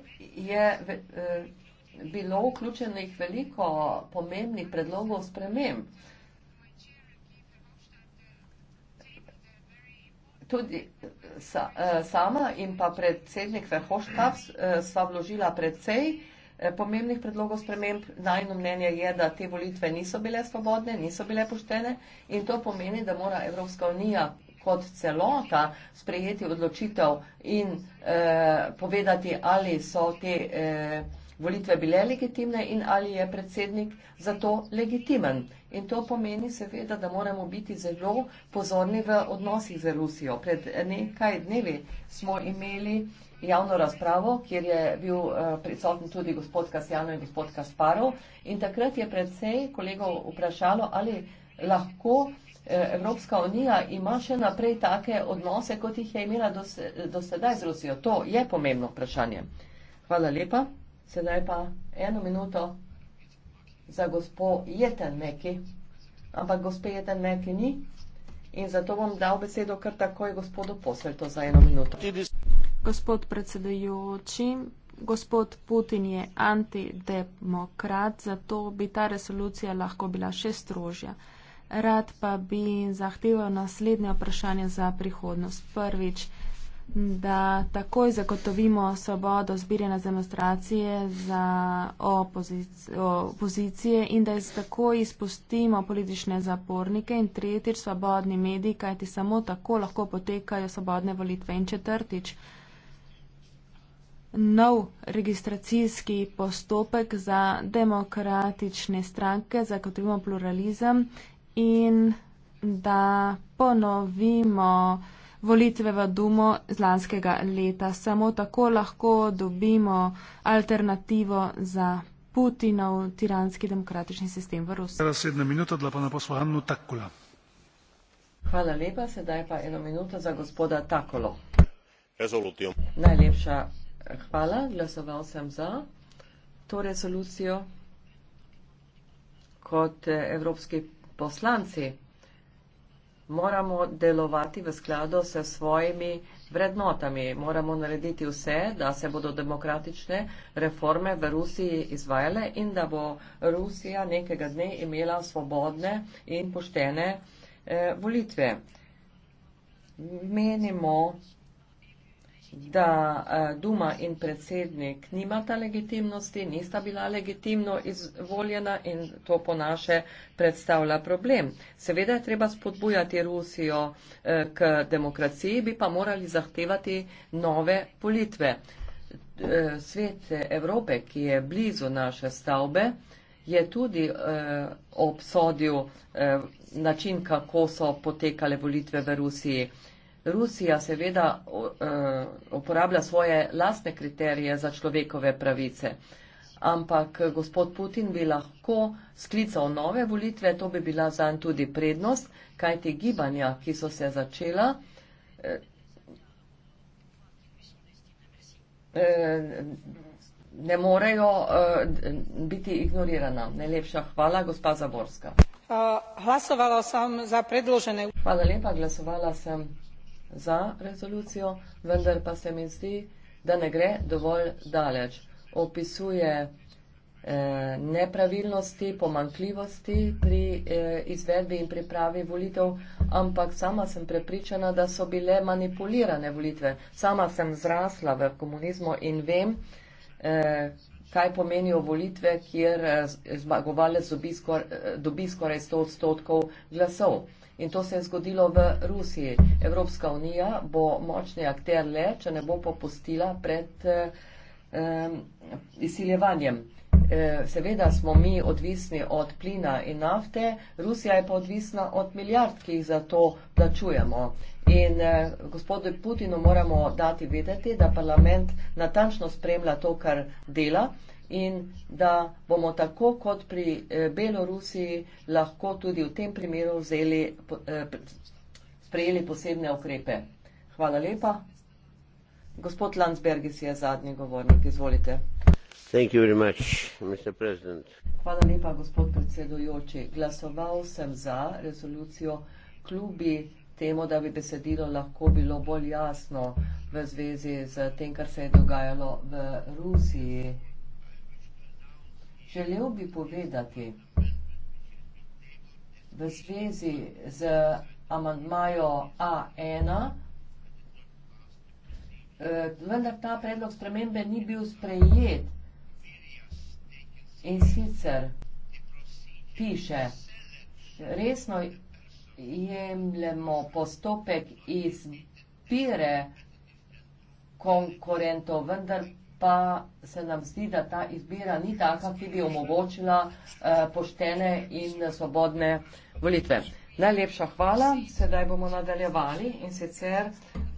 je eh, bilo vključenih veliko pomembnih predlogov spremem. tudi eh, sa, eh, sama in pa predsednik Verhoštav eh, sva vložila predsej pomembnih predlogov sprememb. Najno mnenje je, da te volitve niso bile svobodne, niso bile poštene in to pomeni, da mora Evropska unija kot celota sprejeti odločitev in eh, povedati, ali so te eh, volitve bile legitimne in ali je predsednik zato legitimen. In to pomeni, seveda, da moramo biti zelo pozorni v odnosih z Rusijo. Pred nekaj dnevi smo imeli javno razpravo, kjer je bil eh, prisoten tudi gospod Kasjano in gospod Kasparov. In takrat je predvsej kolegov vprašalo, ali lahko eh, Evropska unija ima še naprej take odnose, kot jih je imela do sedaj z Rusijo. To je pomembno vprašanje. Hvala lepa. Sedaj pa eno minuto za gospo Jeten Meki, ampak gospe Jeten Meki ni in zato bom dal besedo kar takoj gospodu Poselto za eno minuto. Gospod predsedujoči, gospod Putin je antidemokrat, zato bi ta resolucija lahko bila še strožja. Rad pa bi zahteval naslednje vprašanje za prihodnost. Prvič, da takoj zagotovimo svobodo zbiranja demonstracije za opozicije in da takoj izpustimo politične zapornike in tretjič svobodni mediji, kajti samo tako lahko potekajo svobodne volitve in četrtič. Nov registracijski postopek za demokratične stranke, zagotovimo pluralizem in da ponovimo volitve v Dumo z lanskega leta. Samo tako lahko dobimo alternativo za Putinov tiranski demokratični sistem v Rusiji. Hvala lepa, sedaj pa eno minuto za gospoda Takolo. Resolutijo. Najlepša hvala, glasoval sem za to resolucijo kot evropski poslanci moramo delovati v skladu s svojimi vrednotami. Moramo narediti vse, da se bodo demokratične reforme v Rusiji izvajale in da bo Rusija nekega dne imela svobodne in poštene eh, volitve. Menimo, da eh, Duma in predsednik nimata legitimnosti, nista bila legitimno izvoljena in to po naše predstavlja problem. Seveda je treba spodbujati Rusijo eh, k demokraciji, bi pa morali zahtevati nove politve. Eh, Svet Evrope, ki je blizu naše stavbe, je tudi obsodil način, kako so potekale volitve v Rusiji. Rusija seveda e, uporablja svoje lastne kriterije za človekove pravice. Ampak gospod Putin bi lahko sklical nove volitve, to bi bila zanj tudi prednost, kajti gibanja, ki so se začela, e, e, ne morejo biti ignorirana. Najlepša hvala, gospa Zaborska. Hvala lepa, glasovala sem za rezolucijo, vendar pa se mi zdi, da ne gre dovolj daleč. Opisuje eh, nepravilnosti, pomankljivosti pri eh, izvedbi in pripravi volitev, ampak sama sem prepričana, da so bile manipulirane volitve. Sama sem zrasla v komunizmu in vem, eh, kaj pomenijo volitve, kjer zmagovalec dobi skoraj 100 odstotkov glasov. In to se je zgodilo v Rusiji. Evropska unija bo močni akter le, če ne bo popustila pred eh, izsiljevanjem. Eh, seveda smo mi odvisni od plina in nafte, Rusija je pa odvisna od milijard, ki jih za to plačujemo. In eh, gospodu Putinu moramo dati vedeti, da parlament natančno spremlja to, kar dela. Eh, in da bomo tako kot pri eh, Belorusiji lahko tudi v tem primeru vzeli, eh, sprejeli posebne ukrepe. Hvala lepa. Gospod Landsbergis je zadnji govornik. Izvolite. Much, Hvala lepa, gospod predsedujoči. Glasoval sem za rezolucijo klubi temu, da bi besedilo lahko bilo bolj jasno v zvezi z tem, kar se je dogajalo v Rusiji. Želel bi povedati v zvezi z amandmajo A1, eh, vendar ta predlog spremembe ni bil sprejet. In sicer piše, resno jemljemo postopek izbire konkurentov, vendar pa se nam zdi, da ta izbira ni taka, ki bi omogočila eh, poštene in svobodne volitve. Najlepša hvala, sedaj bomo nadaljevali in sicer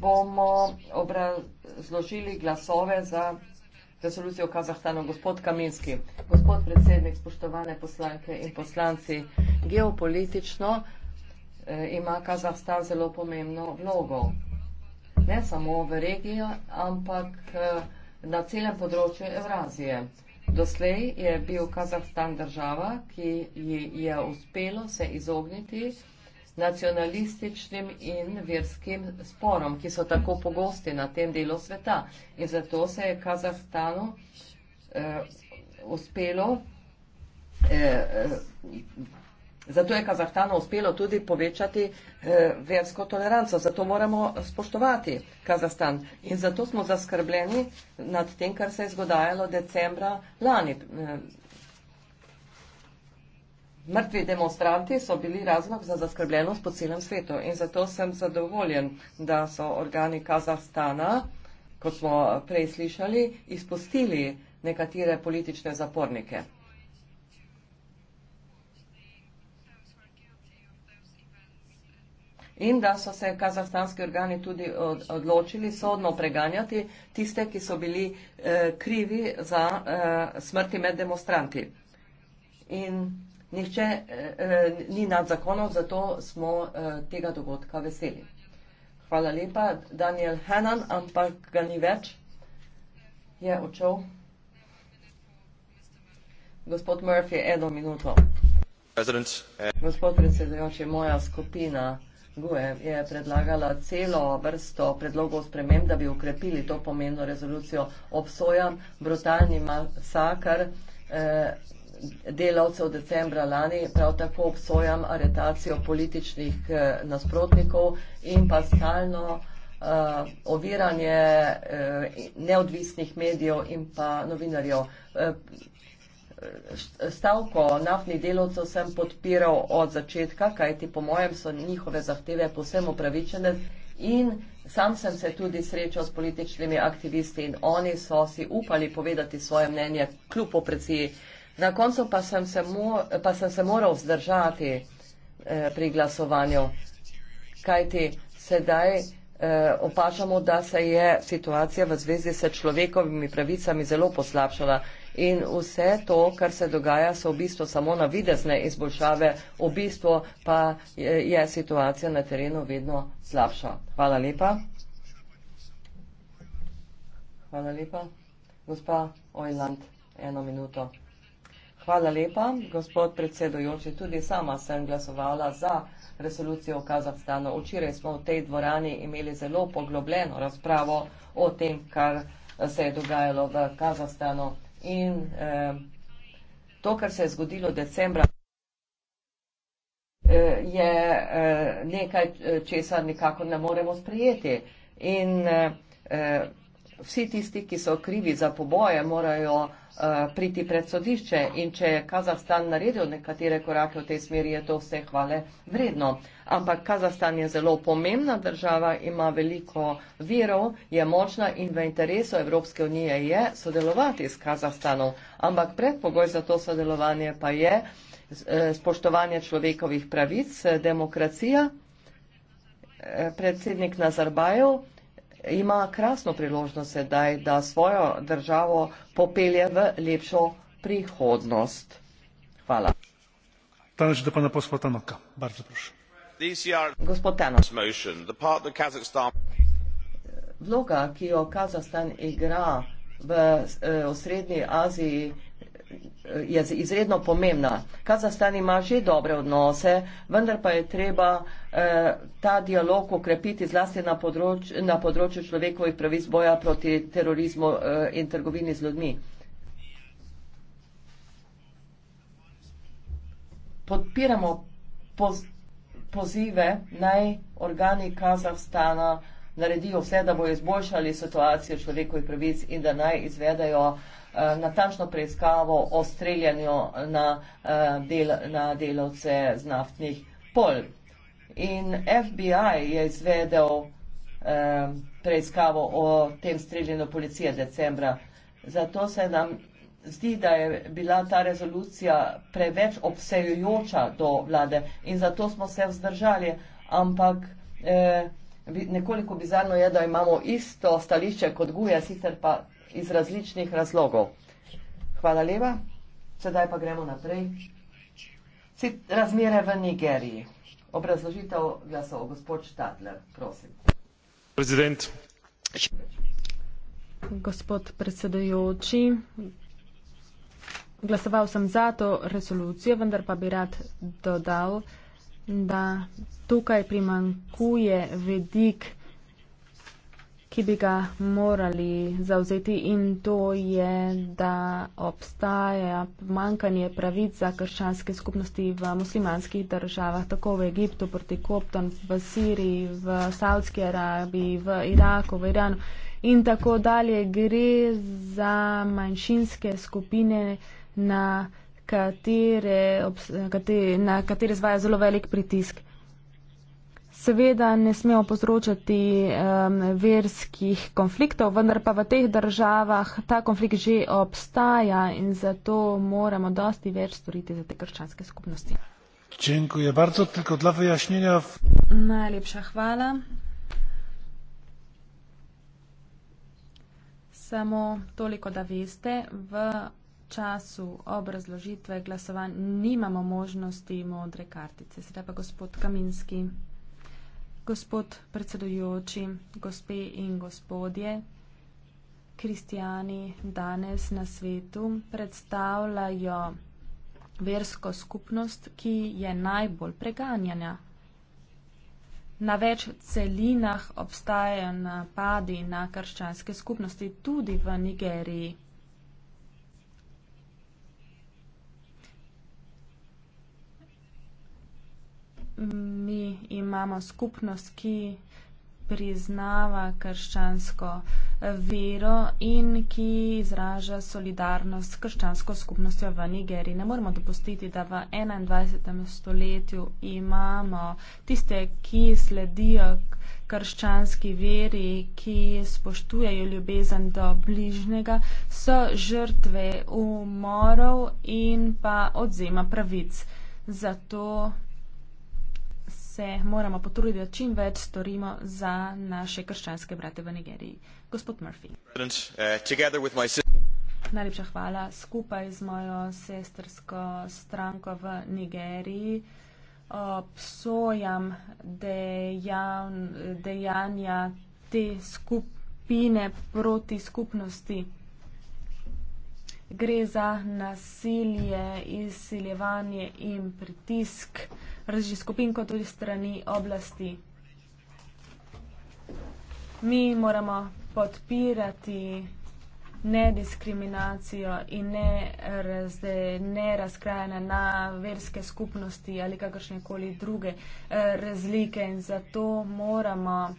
bomo obrazložili glasove za resolucijo Kazahstanu. Gospod Kaminski, gospod predsednik, spoštovane poslanke in poslanci, geopolitično eh, ima Kazahstan zelo pomembno vlogo. Ne samo v regiji, ampak eh, na celem področju Evrazije. Doslej je bil Kazahstan država, ki ji je uspelo se izogniti nacionalističnim in verskim sporom, ki so tako pogosti na tem delu sveta. In zato se je Kazahstanu eh, uspelo eh, eh Zato je Kazahstanu uspelo tudi povečati eh, versko toleranco. Zato moramo spoštovati Kazahstan. In zato smo zaskrbljeni nad tem, kar se je zgodajalo decembra lani. Eh, mrtvi demonstranti so bili razlog za zaskrbljenost po celem svetu. In zato sem zadovoljen, da so organi Kazahstana, kot smo prej slišali, izpustili nekatere politične zapornike. in da so se kazahstanski organi tudi odločili sodno preganjati tiste, ki so bili eh, krivi za eh, smrti med demonstranti. In nihče eh, eh ni nad zakonom, zato smo eh, tega dogodka veseli. Hvala lepa, Daniel Hanan, ampak ga ni več. Je odšel. Gospod Murphy, eno minuto. President, uh... Gospod predsedujoči, moja skupina. GUE je predlagala celo vrsto predlogov sprejem, da bi ukrepili to pomembno rezolucijo. Obsojam brutalni masakr eh, delavcev decembra lani, prav tako obsojam aretacijo političnih eh, nasprotnikov in pa stalno eh, oviranje eh, neodvisnih medijev in pa novinarjev. Eh, stavko naftnih delovcev sem podpiral od začetka, kajti po mojem so njihove zahteve povsem upravičene in sam sem se tudi srečal s političnimi aktivisti in oni so si upali povedati svoje mnenje kljub opreciji. Na koncu pa sem se, mo pa sem se moral vzdržati eh, pri glasovanju, kajti sedaj eh, opažamo, da se je situacija v zvezi s človekovimi pravicami zelo poslabšala in vse to, kar se dogaja, so v bistvu samo navidezne izboljšave, v bistvu pa je situacija na terenu vedno slabša. Hvala lepa. Hvala lepa. Gospa Ojland, eno minuto. Hvala lepa, gospod predsedojoči. Tudi sama sem glasovala za resolucijo o Kazahstanu. Včeraj smo v tej dvorani imeli zelo poglobljeno razpravo o tem, kar se je dogajalo v Kazahstanu in eh, to, kar se je zgodilo decembra, eh, je eh, nekaj, eh, česar nikako ne moremo sprejeti. In, eh, eh, vsi tisti, ki so krivi za poboje, morajo uh, priti pred sodišče. In če je Kazahstan naredil nekatere korake v tej smeri, je to vse hvale vredno. Ampak Kazahstan je zelo pomembna država, ima veliko virov, je močna in v interesu Evropske unije je sodelovati s Kazahstanom. Ampak predpogoj za to sodelovanje pa je eh, spoštovanje človekovih pravic, eh, demokracija. Predsednik Nazarbajev ima krasno priložnost sedaj, da svojo državo popelje v lepšo prihodnost. Hvala. Tanoč, da pa ne pospo Tanoka. Bardzo prošu. Gospod Tanoč. Vloga, ki jo Kazahstan igra v eh, osrednji Aziji, je izredno pomembna. Kazahstan ima že dobre odnose, vendar pa je treba eh, ta dialog ukrepiti zlasti na, področ, na področju človekovih pravic boja proti terorizmu eh, in trgovini z ljudmi. Podpiramo poz, pozive naj organi Kazahstana naredijo vse, da bo izboljšali situacijo človekovih pravic in da naj izvedajo Eh, natančno preiskavo o streljanju na, eh, del, na delavce z naftnih pol. In FBI je izvedel eh, preiskavo o tem streljanju policije decembra. Zato se nam zdi, da je bila ta rezolucija preveč obsejujoča do vlade in zato smo se vzdržali. Ampak eh, nekoliko bizarno je, da imamo isto stališče kot Guja, sicer pa iz različnih razlogov. Hvala lepa. Sedaj pa gremo naprej. Cit razmere v Nigeriji. Obrazložitev glasov. Gospod Štadler, prosim. Prezident. Gospod predsedujoči, glasoval sem za to resolucijo, vendar pa bi rad dodal, da tukaj primankuje vedik ki bi ga morali zauzeti in to je, da obstaja pomankanje pravic za krščanske skupnosti v muslimanskih državah, tako v Egiptu, proti Koptom, v Siriji, v Saudski Arabiji, v Iraku, v Iranu in tako dalje. Gre za manjšinske skupine, na katere, na katere zvaja zelo velik pritisk seveda ne smejo povzročati um, verskih konfliktov, vendar pa v teh državah ta konflikt že obstaja in zato moramo dosti več storiti za te krščanske skupnosti. Čenkuje, bardzo, tylko dla vyjašnjenja. V... Najlepša hvala. Samo toliko, da veste, v času obrazložitve glasovanj nimamo možnosti modre kartice. Sedaj pa gospod Kaminski gospod predsedujoči, gospe in gospodje, kristijani danes na svetu predstavljajo versko skupnost, ki je najbolj preganjena. Na več celinah obstajajo napadi na krščanske skupnosti, tudi v Nigeriji. mi imamo skupnost, ki priznava krščansko vero in ki izraža solidarnost s krščansko skupnostjo v Nigeriji. Ne moremo dopustiti, da v 21. stoletju imamo tiste, ki sledijo krščanski veri, ki spoštujejo ljubezen do bližnjega, so žrtve umorov in pa odzema pravic. Zato se moramo potruditi, da čim več storimo za naše krščanske brate v Nigeriji. Gospod Murphy. Eh, Najlepša hvala. Skupaj z mojo sestrsko stranko v Nigeriji obsojam dejanja te skupine proti skupnosti gre za nasilje, izsiljevanje in pritisk različnih skupin kot tudi strani oblasti. Mi moramo podpirati nediskriminacijo in ne, razde, ne razkrajanje na verske skupnosti ali kakršne koli druge eh, razlike in zato moramo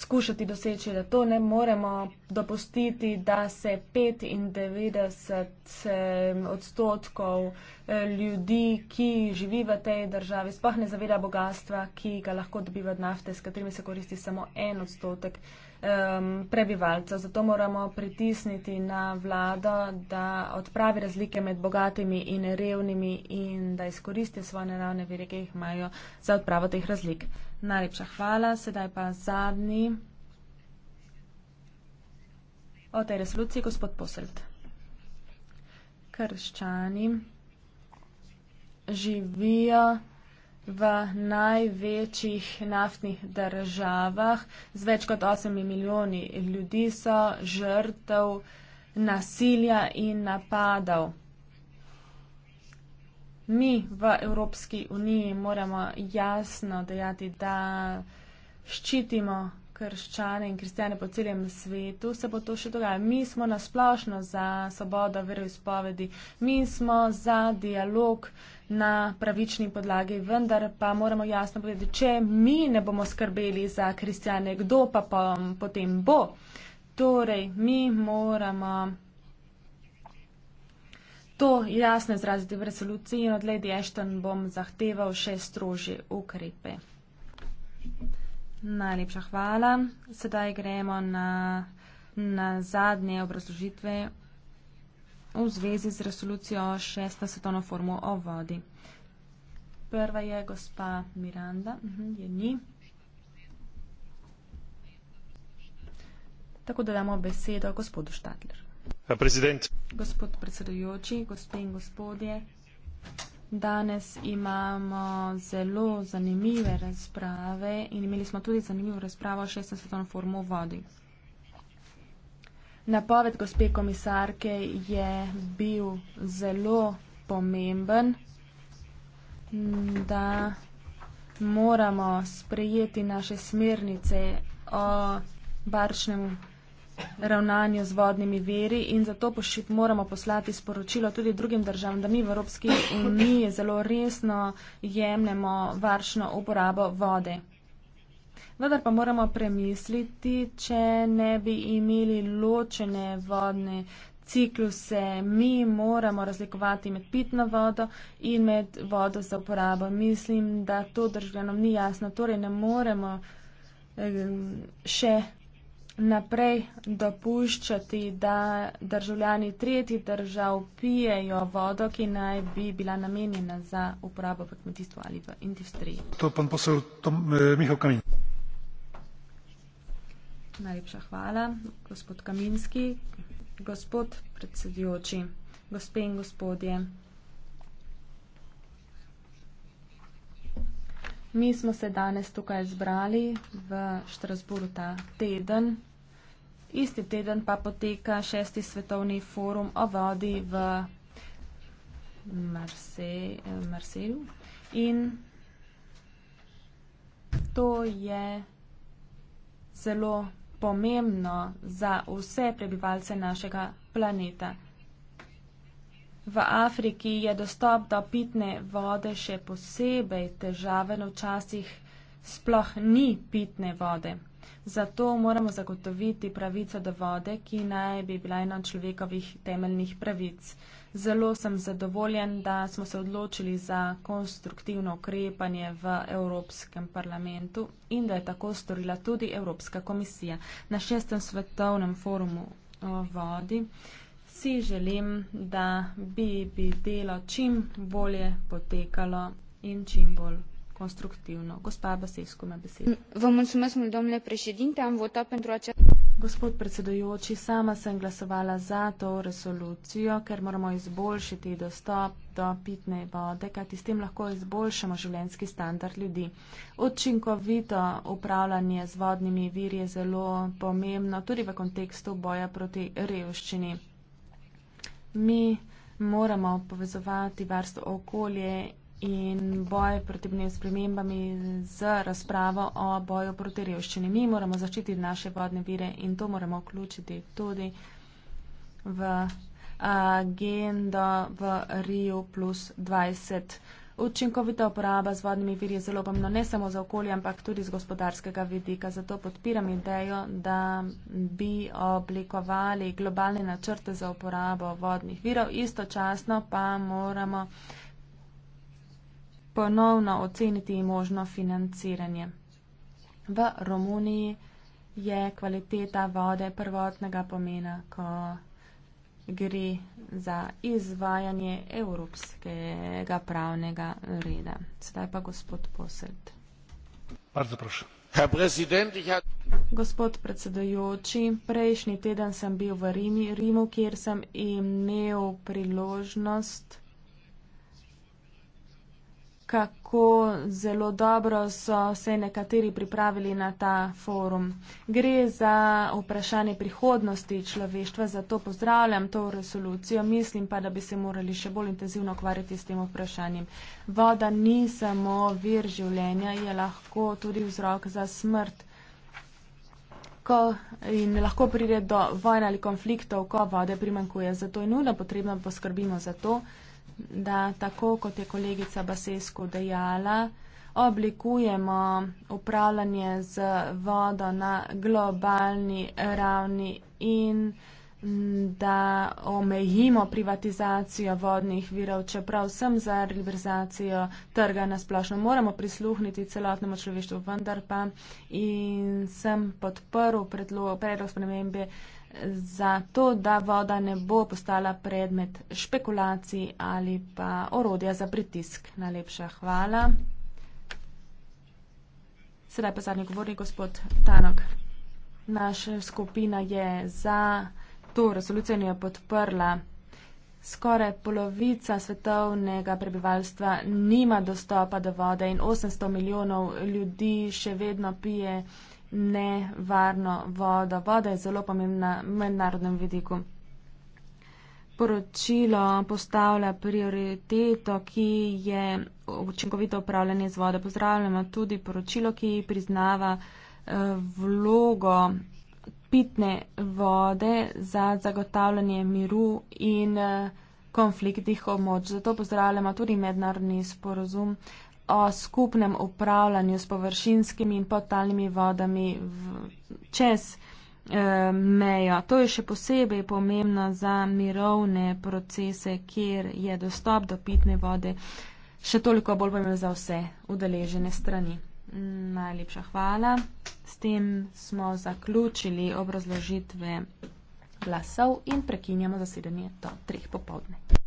skušati doseči, da to ne moremo dopustiti, da se 95 eh, odstotkov eh, ljudi, ki živi v tej državi, sploh ne zaveda bogatstva, ki ga lahko dobiva od nafte, s katerimi se koristi samo en odstotek um, prebivalcev. Zato moramo pritisniti na vlado, da odpravi razlike med bogatimi in revnimi in da izkoristi svoje naravne vire, ki jih imajo za odpravo teh razlik. Najlepša hvala. Sedaj pa zadnji o tej resoluciji, gospod Posred. Krščani živijo v največjih naftnih državah z več kot 8 milijoni ljudi so žrtev nasilja in napadov mi v Evropski uniji moramo jasno dejati, da ščitimo krščane in kristjane po celem svetu, se bo to še dogajalo. Mi smo nasplošno za svobodo veroizpovedi, mi smo za dialog na pravični podlagi, vendar pa moramo jasno povedati, če mi ne bomo skrbeli za kristjane, kdo pa potem bo. Torej, mi moramo to jasno izraziti v resoluciji in od Lady Ashton bom zahteval še strožje ukrepe. Najlepša hvala. Sedaj gremo na, na zadnje obrazložitve v zvezi z resolucijo 6. svetovno formu o vodi. Prva je gospa Miranda, mhm, je ni. Tako da damo besedo gospodu Štadler gospod predsedujoči, gospe in gospodje. Danes imamo zelo zanimive razprave in imeli smo tudi zanimivo razpravo o 16. svetovnem forumu o vodi. Napoved gospe komisarke je bil zelo pomemben, da moramo sprejeti naše smernice o baršnemu ravnanju z vodnimi veri in zato moramo poslati sporočilo tudi drugim državam, da mi v Evropski uniji zelo resno jemljemo varšno uporabo vode. Vendar pa moramo premisliti, če ne bi imeli ločene vodne cikluse, mi moramo razlikovati med pitno vodo in med vodo za uporabo. Mislim, da to državljanom ni jasno, torej ne moremo eh, še naprej dopuščati, da državljani tretjih držav pijejo vodo, ki naj bi bila namenjena za uporabo v kmetijstvu ali v industriji. To pa posel to, eh, Mihael Kamin. Najlepša hvala, gospod Kaminski, gospod predsedujoči, gospe in gospodje. Mi smo se danes tukaj zbrali v Štrasburu ta teden Isti teden pa poteka šesti svetovni forum o vodi v Marseju. In to je zelo pomembno za vse prebivalce našega planeta. V Afriki je dostop do pitne vode še posebej težaven, včasih sploh ni pitne vode. Zato moramo zagotoviti pravico do vode, ki naj bi bila ena človekovih temeljnih pravic. Zelo sem zadovoljen, da smo se odločili za konstruktivno ukrepanje v Evropskem parlamentu in da je tako storila tudi Evropska komisija. Na šestem svetovnem forumu o vodi si želim, da bi, bi delo čim bolje potekalo in čim bolj constructivno. Gospa Basescu, ima besedo. Vă mulțumesc mult, domnule președinte, am votat pentru acest... Gospod predsedujoči, sama sem glasovala za to resolucijo, ker moramo izboljšati dostop do pitne vode, kajti s tem lahko izboljšamo življenski standard ljudi. Učinkovito upravljanje z vodnimi viri je zelo pomembno tudi v kontekstu boja proti revščini. Mi moramo povezovati varstvo okolje in boj proti mnem spremembami z razpravo o boju proti revščini. Mi moramo začeti naše vodne vire in to moramo vključiti tudi v agendo v Rio plus 20. Učinkovita uporaba z vodnimi viri je zelo pomembna ne samo za okolje, ampak tudi z gospodarskega vidika. Zato podpiram idejo, da bi oblikovali globalne načrte za uporabo vodnih virov. Istočasno pa moramo ponovno oceniti možno financiranje. V Romuniji je kvaliteta vode prvotnega pomena, ko gre za izvajanje evropskega pravnega reda. Sedaj pa gospod Posed. Gospod predsedujoči, prejšnji teden sem bil v Rimu, kjer sem imel priložnost kako zelo dobro so se nekateri pripravili na ta forum. Gre za vprašanje prihodnosti človeštva, zato pozdravljam to resolucijo, mislim pa, da bi se morali še bolj intenzivno ukvarjati s tem vprašanjem. Voda ni samo vir življenja, je lahko tudi vzrok za smrt. In lahko pride do vojne ali konfliktov, ko vode primankuje. Zato je nujno potrebno poskrbimo za to, da tako kot je kolegica Basesko dejala, oblikujemo upravljanje z vodo na globalni ravni in da omejimo privatizacijo vodnih virov, čeprav sem za liberalizacijo trga nasplošno. Moramo prisluhniti celotnemu človeštvu, vendar pa in sem podprl predlog spremembe za to, da voda ne bo postala predmet špekulacij ali pa orodja za pritisk. Najlepša hvala. Sedaj pa zadnji govornik, gospod Tanok. Naša skupina je za to resolucijo ni podprla. Skoraj polovica svetovnega prebivalstva nima dostopa do vode in 800 milijonov ljudi še vedno pije nevarno vodo. Voda je zelo pomembna v mednarodnem vidiku. Poročilo postavlja prioriteto, ki je učinkovito upravljanje z vodo. Pozdravljamo tudi poročilo, ki priznava eh, vlogo pitne vode za zagotavljanje miru in eh, konfliktih omoč. Zato pozdravljamo tudi mednarodni sporozum o skupnem upravljanju s površinskimi in podtalnimi vodami v, čez e, mejo. To je še posebej pomembno za mirovne procese, kjer je dostop do pitne vode še toliko bolj pomemben za vse udeležene strani. Najlepša hvala. S tem smo zaključili obrazložitve glasov in prekinjamo zasedanje do treh popovdne.